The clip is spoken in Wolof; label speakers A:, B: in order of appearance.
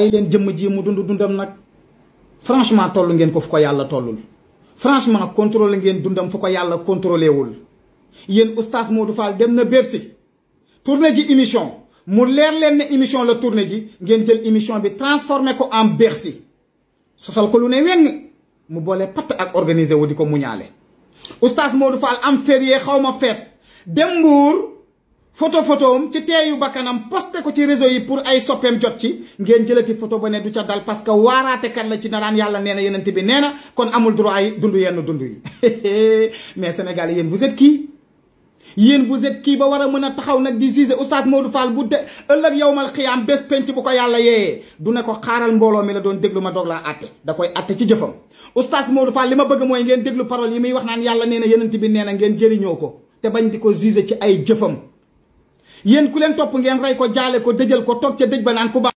A: bàyyi leen jëmm ji mu dund dundam nag franchement toll ngeen ko fu ko yàlla tollul franchement contrôlé ngeen dundam fu ko yàlla contrôlé wul yéen oustaz Modou Fall dem na Bercy tourné ji émission mu leer leen ne émission la tourné ji ngeen jël émission bi transformé ko en Bercy sosal ko lu ne weng mu boole patt ak organisé wu di ko muñaale oustaz Modou Fall am férié xaw xawma feet dem Mbuur photo photo am ci teeyu bakkanam posté ko ci réseau yi pour ay soppeem jot ci ngeen jëlati photo ba ne du ca dal parce que waaraatekat la ci na yàlla nee na yenent bi nee na kon amul droit yi dund yenn dund yi mais yéen vous êtes qui yéen vous kii ba war a mën a taxaw nag di juger oustaz Modou Fall bu de ëllëg yowmal xiyaam bés penc bu ko yàlla yee du ko xaaral mbooloo mi la doon déglu ma doog laa àtte da koy àtte ci jëfam oustaz Modou Fall li ma bëgg mooy ngeen déglu parole yi muy wax naan yàlla nee na yenent bi nee na ngeen jëriñoo ko te bañ di ko juger ci ay jëfam yéen ku leen topp ngeen rey ko jaale ko dëjal ko toog ca dëj ba naan ku baax